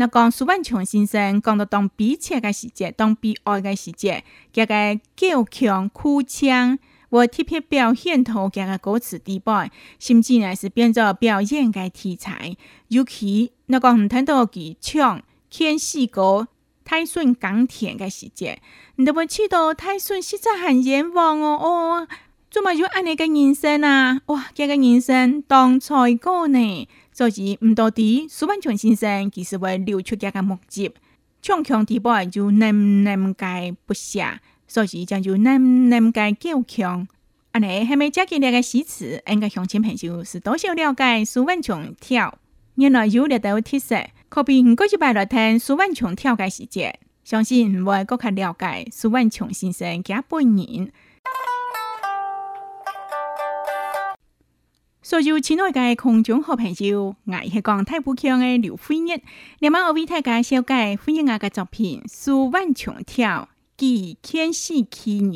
那個蘇萬松先生講到當悲切的時節，當悲哀的時節，加個高強哭腔，和特別表現土家的歌詞底背，甚至呢是變作表演的題材。尤其那個唔聽到佢唱《天使哥》、泰順港鐵的時節，你都會去到泰順實在很冤枉哦哦，怎麼有安尼的人生啊？哇，這嘅人生當才過呢？所以，唔到底蘇萬松先生其實為流出家嘅目擊，強強地擺就那麼解不寫，所以就就難難解較強。安尼，下面接起兩個詩詞，應該鄉親朋友是多少了解蘇萬松調？原來有兩道特色，可比毋過一百六天蘇萬松調嘅事節，相信你會更加了解蘇萬松先生個本人。所有親愛的觀眾好朋友，我是講大埔腔的劉惠月。下面我為大家介紹飛燕阿嘅作品《蘇萬松調記勸世奇人》。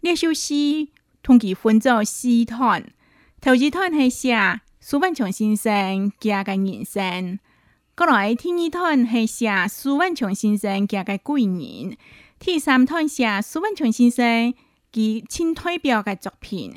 這首詩通併分作四段，頭一段係寫蘇萬松先生家嘅人生，生來生過來第二段係寫蘇萬松先生家嘅貴人，第三段寫蘇萬松先生記清代表嘅作品。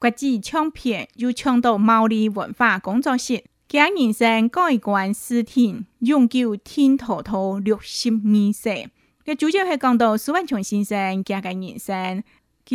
國際唱片又唱到貓貍文化工作室，厥人生蓋棺事定，永久停跎在六十二歲。主角是講到蘇萬松先生，厥嘅人生，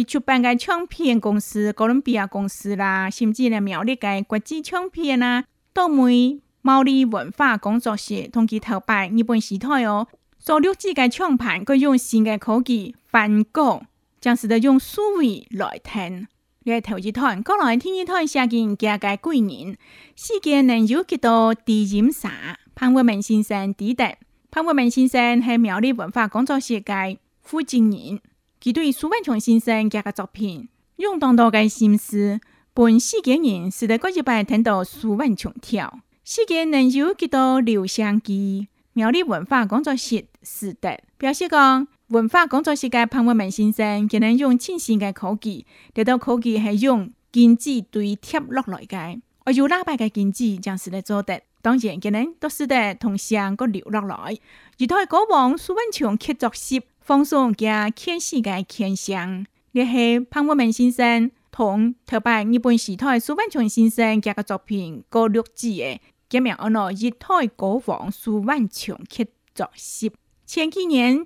出版的唱片公司哥倫比亞公司啦，甚至咧貓貍嘅國際唱片啦，都為貓貍文化工作室同佢頭擺日本時代哦。所有只個唱盤用新的科技翻歌，將使得用思維來聽。來頭字攤，過來天字攤相見，家界貴人。世間能有幾多知音儕？彭文銘先生知得。彭文銘先生係貓貍文化工作室嘅負責人，佢對蘇萬松先生家嘅作品用相當嘅心思，分四幾年使得各級別聽到蘇萬松調。世界能有幾多留聲機？貓貍文化工作室使得表示講。文化工作室的彭文銘先生，佢哋用最新的科技，呢套科技是用金子堆貼落來的，而有喇叭嘅剪紙正是在做的。當然，佢哋都使得同上個留落來。一代歌王蘇萬松傑作集放送厥勸世的牽聲，聯繫彭文銘先生同台北日本時代蘇萬松先生嘅作品過錄製的，證明我哋一代歌王蘇萬松傑作集前幾年。